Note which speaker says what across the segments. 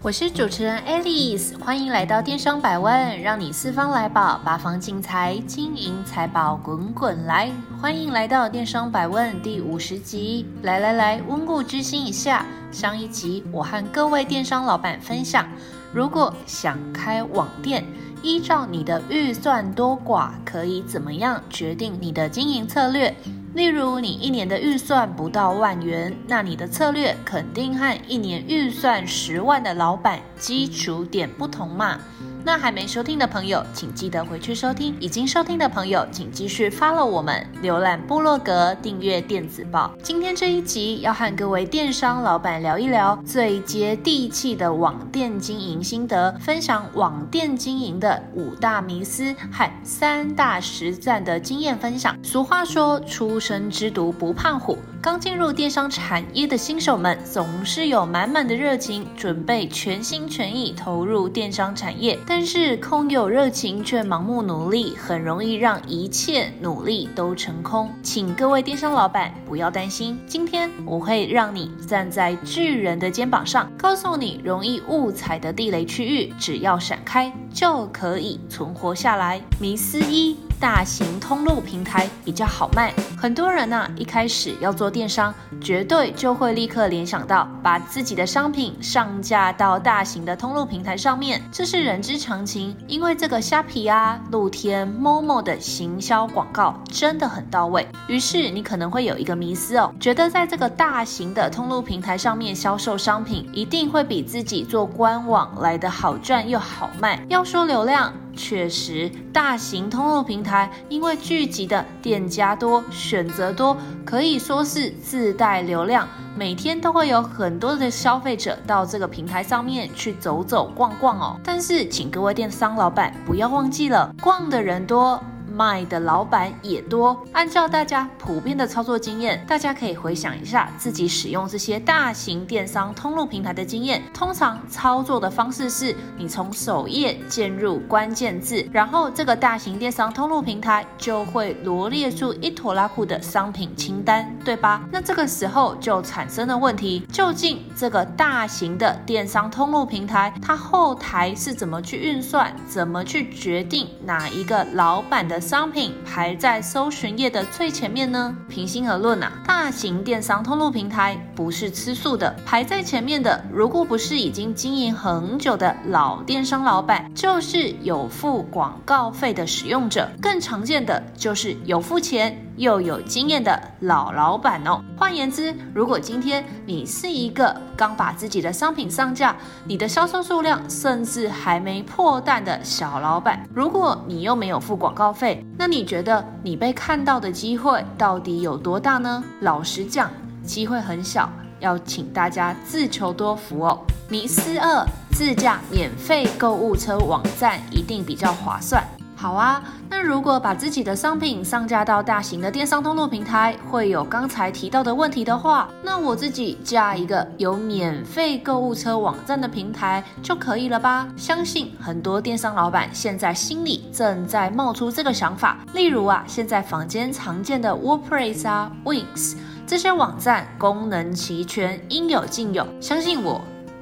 Speaker 1: 我是主持人 Alice，歡迎來到電商百問，讓你四方來寶，八方進財，金銀財寶滾滾來。歡迎來到電商百問第五十集，來來來，溫故知新一下。上一集我和各位電商老板分享，如果想開網店，依照你的預算多寡，可以怎麼樣決定你的經營策略。例如，你一年的預算不到萬元，那你的策略肯定和一年預算十萬的老闆基礎點不同嘛。那還沒收聽的朋友，請記得回去收聽；已經收聽的朋友，請繼續 follow 我們，瀏覽部落格、訂閱電子報。今天這一集要和各位電商老闆聊一聊最接地氣的網店經營心得，分享網店經營的五大迷思和三大實戰的經驗分享。俗話說，初生之犢不怕虎。剛進入電商產業的新手們總是有滿滿的熱情，準備全心全意投入電商產業。但是空有熱情卻盲目努力，很容易讓一切努力都成空。請各位電商老板不要擔心，今天我會讓你站在巨人的肩膀上，告訴你容易誤踩的地雷區域，只要閃開就可以存活下來。迷思一。大型通路平台比較好賣？很多人呢、啊、一開始要做電商，絕對就會立刻聯想到把自己的商品上架到大型的通路平台上面，這是人之常情。因為這個蝦皮啊、露天、momo 的行銷廣告真的很到位，於是你可能會有一個迷思哦，覺得在這個大型的通路平台上面銷售商品，一定會比自己做官網來的好賺又好賣。要說流量，確實，大型通路平台因為聚集的店家多、選擇多，可以說是自帶流量，每天都會有很多的消費者到這個平台上面去走走逛逛哦。但是，請各位電商老板不要忘記了，逛的人多。賣的老闆也多。按照大家普遍的操作經驗，大家可以回想一下自己使用這些大型電商通路平台的經驗。通常操作的方式是，你從首頁鍵入關鍵字，然後這個大型電商通路平台就會羅列出一拖拉庫的商品清單，對吧？那這個時候就產生了問題，究竟這個大型的電商通路平台，它後台是怎麼去運算、怎麼去決定哪一個老闆的？商品排在搜尋頁的最前面呢？平心而論啊，大型電商通路平台不是吃素的。排在前面的，如果不是已經經營很久的老電商老板，就是有付廣告費的使用者，更常見的就是有付錢。又有經驗的老老板哦，換言之，如果今天你是一個剛把自己的商品上架、你的銷售數量甚至還沒破蛋的小老板，如果你又沒有付廣告費，那你覺得你被看到的機會到底有多大呢？老實講，機會很小，要請大家自求多福哦。迷思二：自架免費購物車網站一定比較划算。好啊，那如果把自己的商品上架到大型的電商通路平台，會有剛才提到的問題的話，那我自己加一個有免費購物車網站的平台就可以了吧？相信很多電商老板現在心裡正在冒出這個想法。例如啊，現在坊間常見的 WordPress 啊 w i n s 這些網站功能齊全，應有盡有。相信我。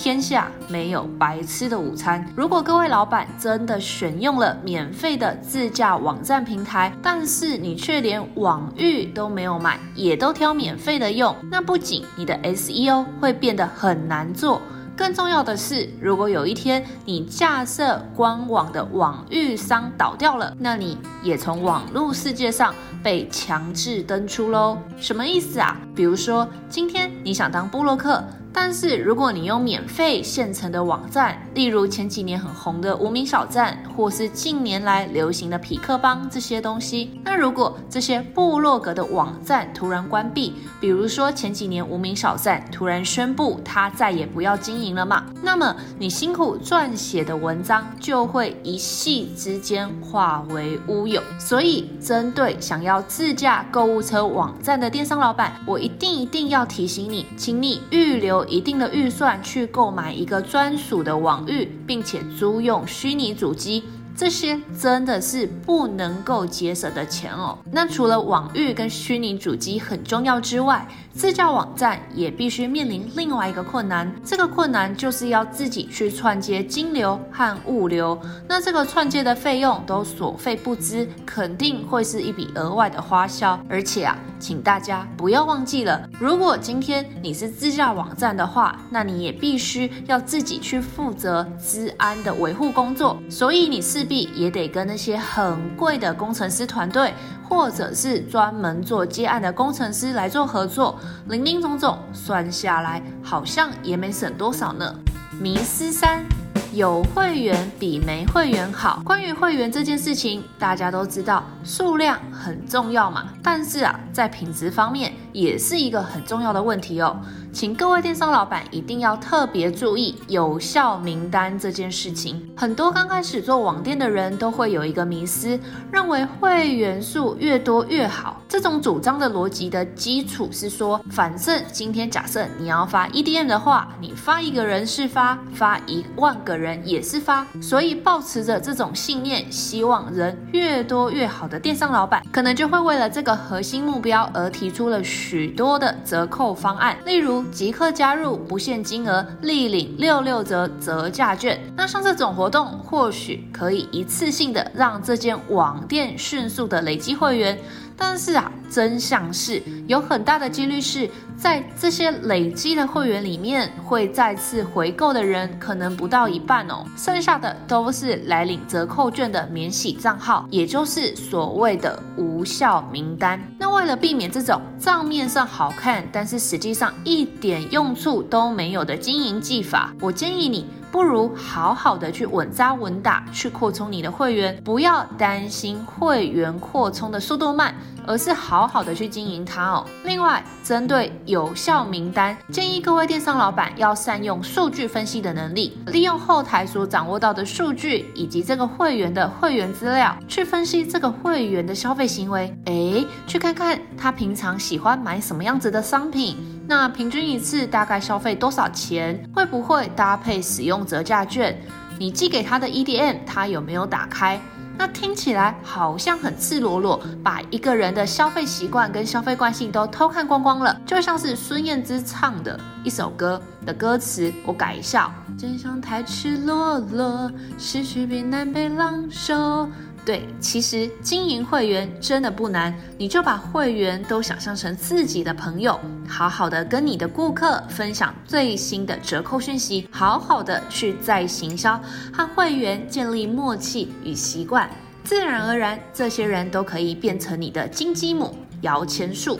Speaker 1: 天下沒有白吃的午餐。如果各位老闆真的選用了免費的自架網站平台，但是你卻連網域都沒有買，也都挑免費的用，那不僅你的 SEO 會變得很難做，更重要的是，如果有一天你架設官網的網域商倒掉了，那你也從網絡世界上被強制登出嘍。什麼意思啊？比如說，今天你想當部落客。但是如果你用免費現成的網站，例如前幾年很紅的無名小站，或是近年來流行的痞客邦這些東西，那如果這些部落格的網站突然關閉，比如說前幾年無名小站突然宣布它再也不要經營了嘛，那麼你辛苦撰寫的文章就會一夕之間化為烏有。所以針對想要自架購物車網站的電商老闆，我一定一定要提醒你，請你預留，有一定的預算去購買一個專屬的網域，並且租用虛擬主機。這些真的是不能夠節省的錢哦。那除了網域跟虛擬主機很重要之外，自架網站也必須面臨另外一個困難。這個困難就是要自己去串接金流和物流。那這個串接的費用都所費不貲，肯定會是一筆額外的花銷。而且啊，請大家不要忘記了，如果今天你是自架網站的話，那你也必須要自己去負責資安的維護工作。所以你是。也得跟那些很貴的工程師團隊，或者是專門做接案的工程師來做合作，林林總總算下來，好像也沒省多少呢。迷思三，有會員比沒會員好。關於會員這件事情，大家都知道數量很重要嘛，但是啊，在品質方面，也是一個很重要的問題哦，請各位電商老板一定要特別注意有效名單這件事情。很多剛開始做網店的人都會有一個迷思，認為會員數越多越好。這種主張的邏輯的基礎是說，反正今天假設你要發 EDM 的話，你發一個人是發，發一萬個人也是發。所以，抱持着這種信念，希望人越多越好的電商老板，可能就會為了這個核心目標而提出了許多的折扣方案，例如即刻加入不限金額立領六六折折價券。那像這種活動，或許可以一次性的讓這間網店迅速的累積會員。但是啊，真相是有很大的幾率是在這些累積的會員裡面，會再次回購的人可能不到一半哦，剩下的都是來領折扣券的免洗賬號，也就是所謂的無效名單。那為了避免這種賬面上好看，但是實際上一點用處都沒有的經營技法，我建議你。不如好好的去穩紮穩打，去擴充你的會員，不要擔心會員擴充的速度慢。而是好好的去經營它哦。另外，針對有效名單，建議各位電商老板要善用數據分析的能力，利用後台所掌握到的數據以及這個會員的會員資料，去分析這個會員的消費行為。哎，去看看他平常喜歡買什麼樣子的商品，那平均一次大概消費多少錢？會不會搭配使用折價券？你寄給他的 EDM，他有沒有打開？那聽起來好像很赤裸裸，把一個人的消費習慣跟消費慣性都偷看光光了，就像是孫燕姿唱的一首歌的歌詞，我改一下哦：真相太赤裸裸，失去比難被浪受。對，其實經營會員真的不難，你就把會員都想象成自己的朋友，好好的跟你的顧客分享最新的折扣訊息，好好的去再行銷和會員建立默契與習慣，自然而然這些人都可以變成你的金雞母、搖錢樹。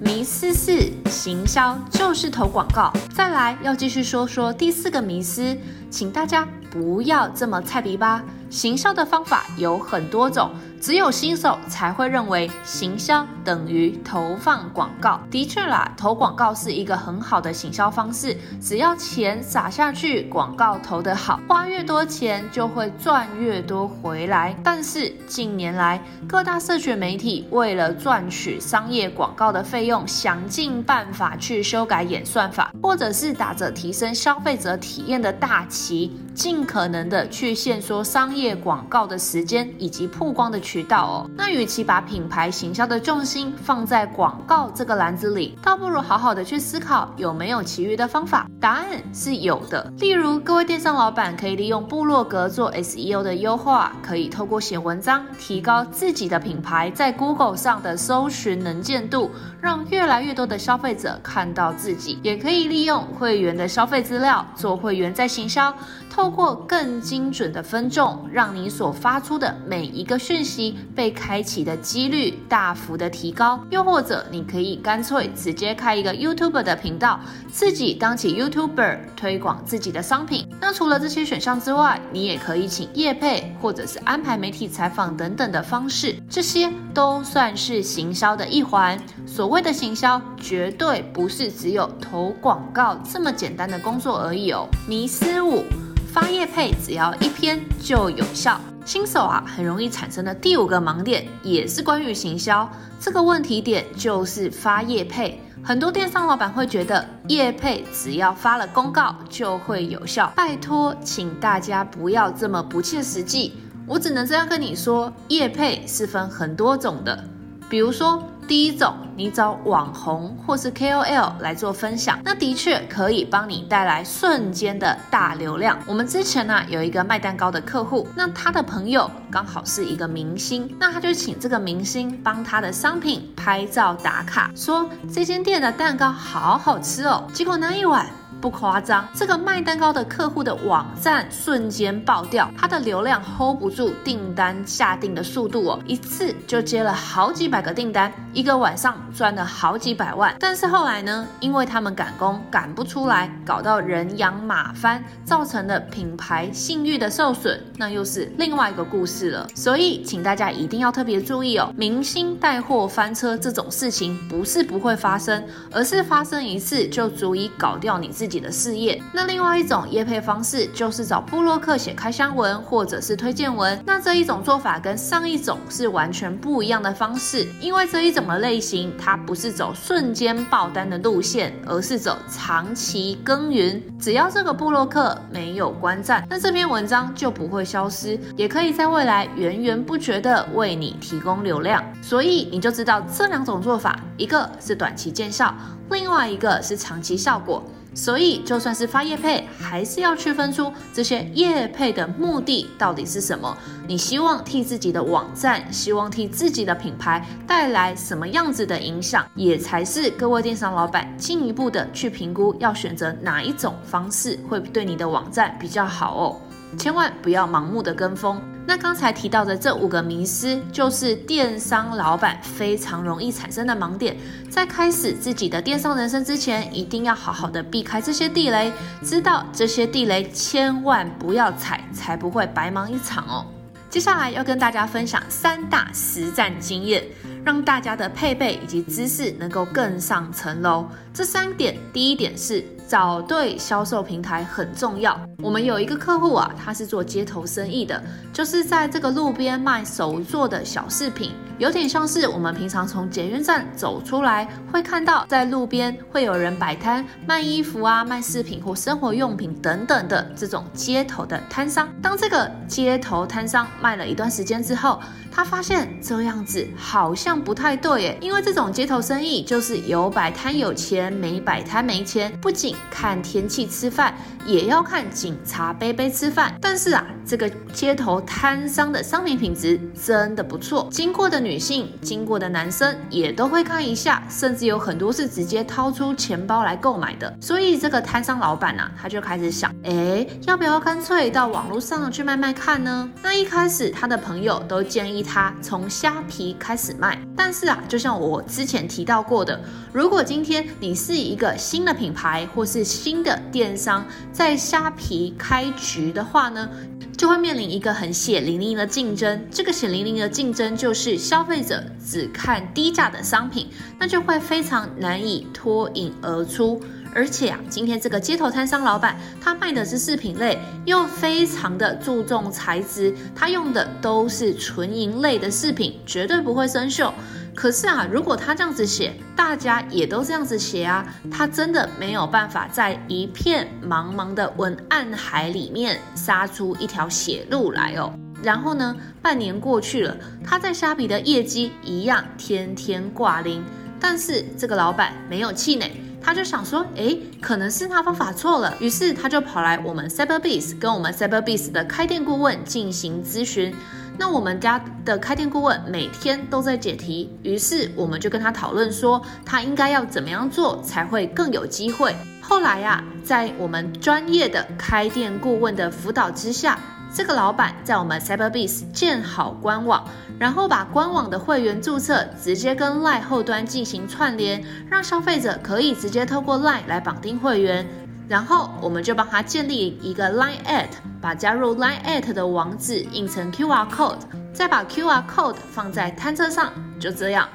Speaker 1: 迷思四：行銷就是投廣告。再來要繼續說說第四個迷思，請大家不要這麼菜逼吧。行銷的方法有很多種，只有新手才會認為行銷等於投放廣告。的確啦，投廣告是一個很好的行銷方式，只要錢撒下去，廣告投得好，花越多錢就會賺越多回來。但是近年來，各大社群媒體為了賺取商業廣告的費用，想盡辦法去修改演算法，或者是打着提升消費者體驗的大旗，盡可能的去限縮商業。業廣告的時間以及曝光的渠道哦，那與其把品牌行銷的重心放在廣告這個籃子裡，倒不如好好的去思考有沒有其餘的方法。答案是有的，例如各位電商老板可以利用部落格做 SEO 的優化，可以透過寫文章提高自己的品牌在 Google 上的搜尋能見度，讓越來越多的消費者看到自己，也可以利用會員的消費資料做會員再行銷。透過更精準的分眾，讓你所發出的每一個訊息被開啟的幾率大幅的提高。又或者，你可以乾脆直接開一個 YouTube 的頻道，自己當起 YouTuber 推廣自己的商品。那除了這些選項之外，你也可以請業配，或者是安排媒體採訪等等的方式，這些都算是行銷的一環。所謂的行銷，絕對不是只有投廣告這麼簡單的工作而已哦，迷思五。發業配只要一篇就有效。新手啊很容易產生的第五個盲點也是關於行銷這個問題點，就是發業配。很多電商老板會覺得業配只要發了公告就會有效。拜托，請大家不要這麼不切實際。我只能這樣跟你說，業配是分很多種的，比如說。第一種，你找網紅或是 KOL 來做分享，那的確可以幫你帶來瞬間的大流量。我們之前呢、啊、有一個賣蛋糕的客戶，那他的朋友剛好是一個明星，那他就請這個明星幫他的商品拍照打卡，說這間店的蛋糕好好吃哦，結果那一晚。不誇張，這個賣蛋糕的客戶的網站瞬間爆掉，他的流量 hold 不住訂單下訂的速度哦，一次就接了好幾百個訂單，一個晚上賺了好幾百萬。但是後來呢，因為他們趕工趕不出來，搞到人仰馬翻，造成了品牌信譽的受損，那又是另外一個故事了。所以請大家一定要特別注意哦，明星帶貨翻車這種事情不是不會發生，而是發生一次就足以搞掉你自己。自己的事業。那另外一種業配方式就是找部落客寫開箱文或者是推薦文。那這一種做法跟上一種是完全不一樣的方式，因為這一種的類型它不是走瞬間爆單的路線，而是走長期耕耘。只要這個部落客沒有關站，那這篇文章就不會消失，也可以在未來源源不絕的為你提供流量。所以你就知道這兩種做法，一個是短期見效，另外一個是長期效果。所以所以，就算是發業配，還是要區分出這些業配的目的到底是什麼？你希望替自己的網站，希望替自己的品牌帶來什麼樣子的影響。也才是各位電商老闆進一步的去評估要選擇哪一種方式會對你的網站比較好哦。千萬不要盲目的跟風。那剛才提到的這五個迷思，就是電商老板非常容易產生的盲點。在開始自己的電商人生之前，一定要好好的避開這些地雷，知道這些地雷千萬不要踩，才不會白忙一場哦。接下來要跟大家分享三大實戰經驗，讓大家的配備以及知識能夠更上層樓。這三點，第一點是找對銷售平台很重要。我們有一個客戶啊，他是做街頭生意的，就是在這個路邊賣手做的小飾品，有點像是我們平常從捷運站走出來，會看到在路邊會有人擺攤賣衣服啊、賣飾品或生活用品等等的這種街頭的攤商。當這個街頭攤商賣了一段時間之後。他發現這樣子好像不太對耶，因為這種街頭生意就是有擺攤有錢，沒擺攤沒錢，不僅看天氣吃飯，也要看警察杯杯吃飯。但是啊，這個街頭攤商的商品品質真的不錯，經過的女性、經過的男生也都會看一下，甚至有很多是直接掏出錢包來購買的。所以這個攤商老闆呢、啊，他就開始想，誒，要不要乾脆到網絡上去賣賣看呢？那一開始他的朋友都建議他。它從蝦皮開始賣，但是啊，就像我之前提到過的，如果今天你是一個新的品牌或是新的電商在蝦皮開局的話呢，就會面臨一個很血淋淋的競爭。這個血淋淋的競爭就是消費者只看低價的商品，那就會非常難以脫穎而出。而且啊，今天這個街頭攤商老板，他賣的是飾品類，又非常的注重材質，他用的都是純銀類的飾品，絕對不會生鏽。可是啊，如果他這樣子寫，大家也都這樣子寫啊，他真的沒有辦法在一片茫茫的文案海裡面殺出一條血路來哦。然後呢，半年過去了，他在蝦皮的業績一樣天天掛零，但是這個老板沒有氣餒。他就想說，哎，可能是他方法錯了，於是他就跑來我們 CYBERBIZ 跟我們 CYBERBIZ 的開店顧問進行諮詢。那我們家的開店顧問每天都在解題，於是我們就跟他討論說，他應該要怎麼樣做才會更有機會。後來呀、啊，在我們專業的開店顧問的輔導之下，這個老板在我們 CYBERBIZ 建好官網。然後把官網的會員注冊直接跟 Line 後端進行串聯，讓消費者可以直接透過 Line 來綁定會員。然後我們就幫他建立一個 LINE@ 把加入 LINE@ 的網址印成 QR Code，再把 QR Code 放在攤車上，就這樣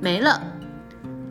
Speaker 1: 沒了。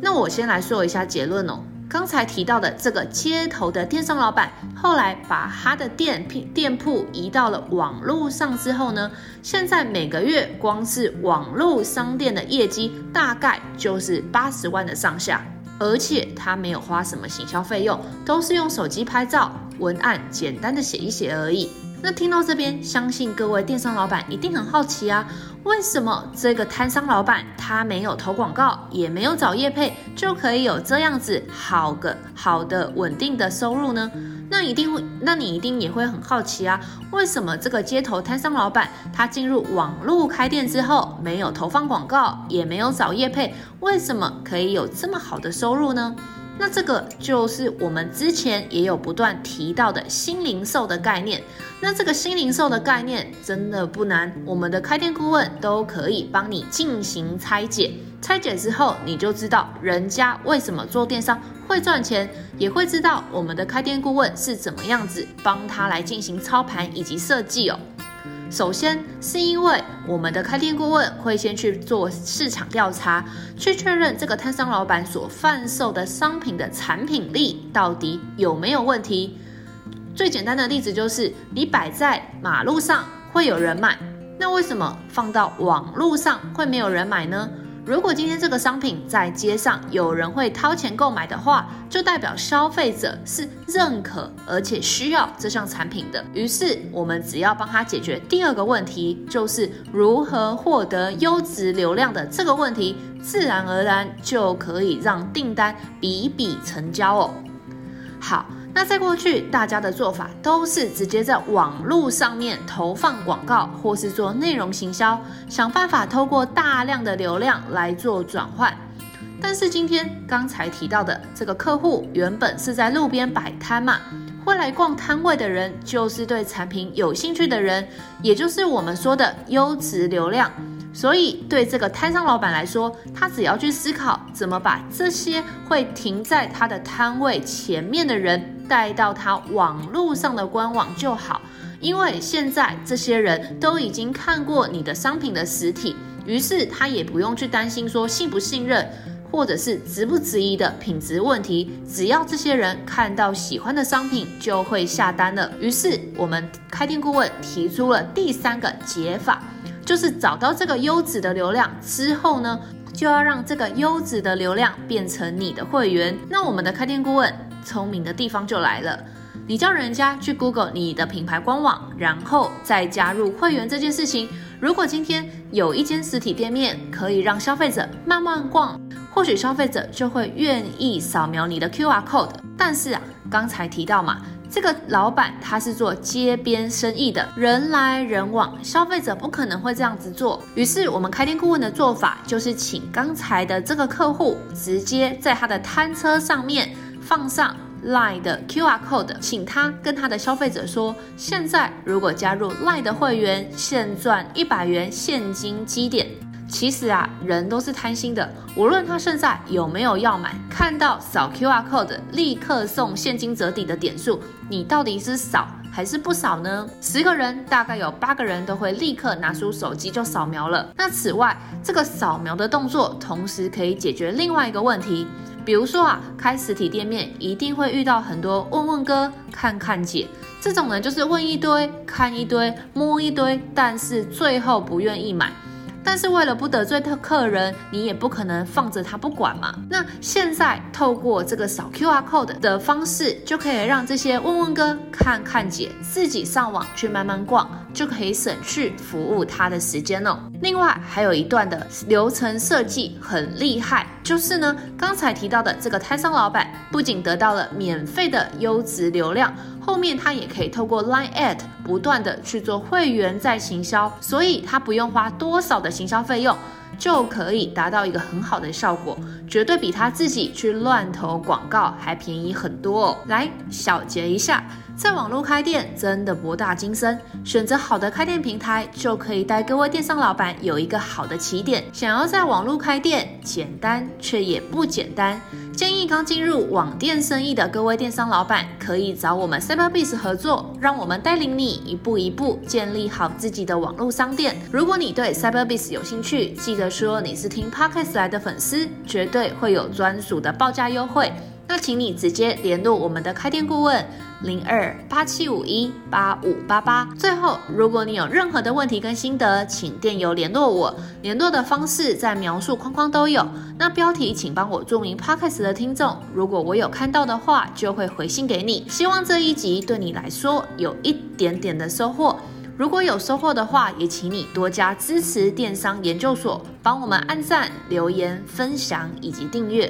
Speaker 1: 那我先來說一下結論哦。剛才提到的這個街頭的電商老板，後來把他的店店鋪移到了網絡上之後呢，現在每個月光是網絡商店的業績大概就是八十萬的上下，而且他沒有花什麼行銷費用，都是用手機拍照，文案簡單的寫一寫而已。那聽到這邊，相信各位電商老闆一定很好奇啊，為什麼這個攤商老闆他沒有投廣告，也沒有找業配，就可以有這樣子好個好的穩定的收入呢？那一定會，那你一定也會很好奇啊，為什麼這個街頭攤商老闆他進入網路開店之後，沒有投放廣告，也沒有找業配，為什麼可以有這麼好的收入呢？那這個就是我們之前也有不斷提到的新零售的概念。那這個新零售的概念真的不難，我們的開店顧問都可以幫你進行拆解。拆解之後，你就知道人家為什麼做電商會賺錢，也會知道我們的開店顧問是怎麼樣子幫他來進行操盤以及設計哦。首先，是因為我們的開店顧問會先去做市場調查，去確認這個攤商老闆所販售的商品的產品力到底有沒有問題。最簡單的例子就是，你擺在馬路上會有人買，那為什麼放到網路上會沒有人買呢？如果今天這個商品在街上有人會掏錢購買的話，就代表消費者是認可而且需要這項產品的。於是，我們只要幫他解決第二個問題，就是如何獲得優質流量的這個問題，自然而然就可以讓訂單筆筆成交哦。好。那在過去，大家的做法都是直接在網路上面投放廣告，或是做內容行銷，想辦法透過大量的流量來做轉換。但是今天剛才提到的這個客戶，原本是在路邊擺攤嘛，會來逛攤位的人，就是對產品有興趣的人，也就是我們說的優質流量。所以對這個攤商老板來說，他只要去思考怎麼把這些會停在他的攤位前面的人。帶到他網絡上的官網就好，因為現在這些人都已經看過你的商品的實體，於是他也不用去擔心說信不信任，或者是值不值一的品質問題，只要這些人看到喜歡的商品就會下單了。於是我們開店顧問提出了第三個解法，就是找到這個優質的流量之後呢，就要讓這個優質的流量變成你的會員。那我們的開店顧問。聰明的地方就來了，你叫人家去 Google 你的品牌官網，然後再加入會員這件事情。如果今天有一間實體店面可以讓消費者慢慢逛，或許消費者就會願意掃描你的 QR Code。但是啊，剛才提到嘛，這個老板他是做街邊生意的，人來人往，消費者不可能會這樣子做。於是我們開店顧問的做法就是請剛才的這個客戶直接在他的攤車上面。放上 LINE 的 QR Code，請他跟他的消費者說，現在如果加入 LINE 的會員，現賺一百元現金積點。其實啊，人都是貪心的，無論他現在有沒有要買，看到掃 QR Code 立刻送現金折抵的點數，你到底是掃還是不掃呢？十個人大概有八個人都會立刻拿出手機就掃描了。那此外，這個掃描的動作，同時可以解決另外一個問題。比如說啊，開實體店面一定會遇到很多問問哥、看看姐，這種呢就是問一堆、看一堆、摸一堆，但是最後不願意買。但是為了不得罪客客人，你也不可能放着他不管嘛。那現在透過這個掃 QR code 的方式，就可以讓這些問問哥、看看姐自己上網去慢慢逛。就可以省去服務他的時間了。另外還有一段的流程設計很厲害，就是呢，剛才提到的這個攤商老闆不僅得到了免費的優質流量，後面他也可以透過 Line@ 不斷的去做會員再行銷，所以他不用花多少的行銷費用。就可以達到一個很好的效果，絕對比他自己去亂投廣告還便宜很多哦。來小結一下，在網絡開店真的博大精深，選擇好的開店平台就可以帶各位電商老闆有一個好的起點。想要在網絡開店，簡單卻也不簡單。建議剛進入網店生意的各位電商老闆，可以找我們 Cyberbiz 合作，讓我們帶領你一步一步建立好自己的網絡商店。如果你對 Cyberbiz 有興趣，記得說你是聽 Podcast 來的粉絲，絕對會有專屬的報價優惠。那請你直接聯絡我們的開店顧問零二八七五一八五八八。最後，如果你有任何的問題跟心得，請電郵聯絡我。聯絡的方式在描述框框都有。那標題請幫我注明 Podcast 的聽眾，如果我有看到的話，就會回信給你。希望這一集對你來說有一點點的收穫。如果有收穫的話，也請你多加支持電商研究所，幫我們按讚、留言、分享以及訂閱。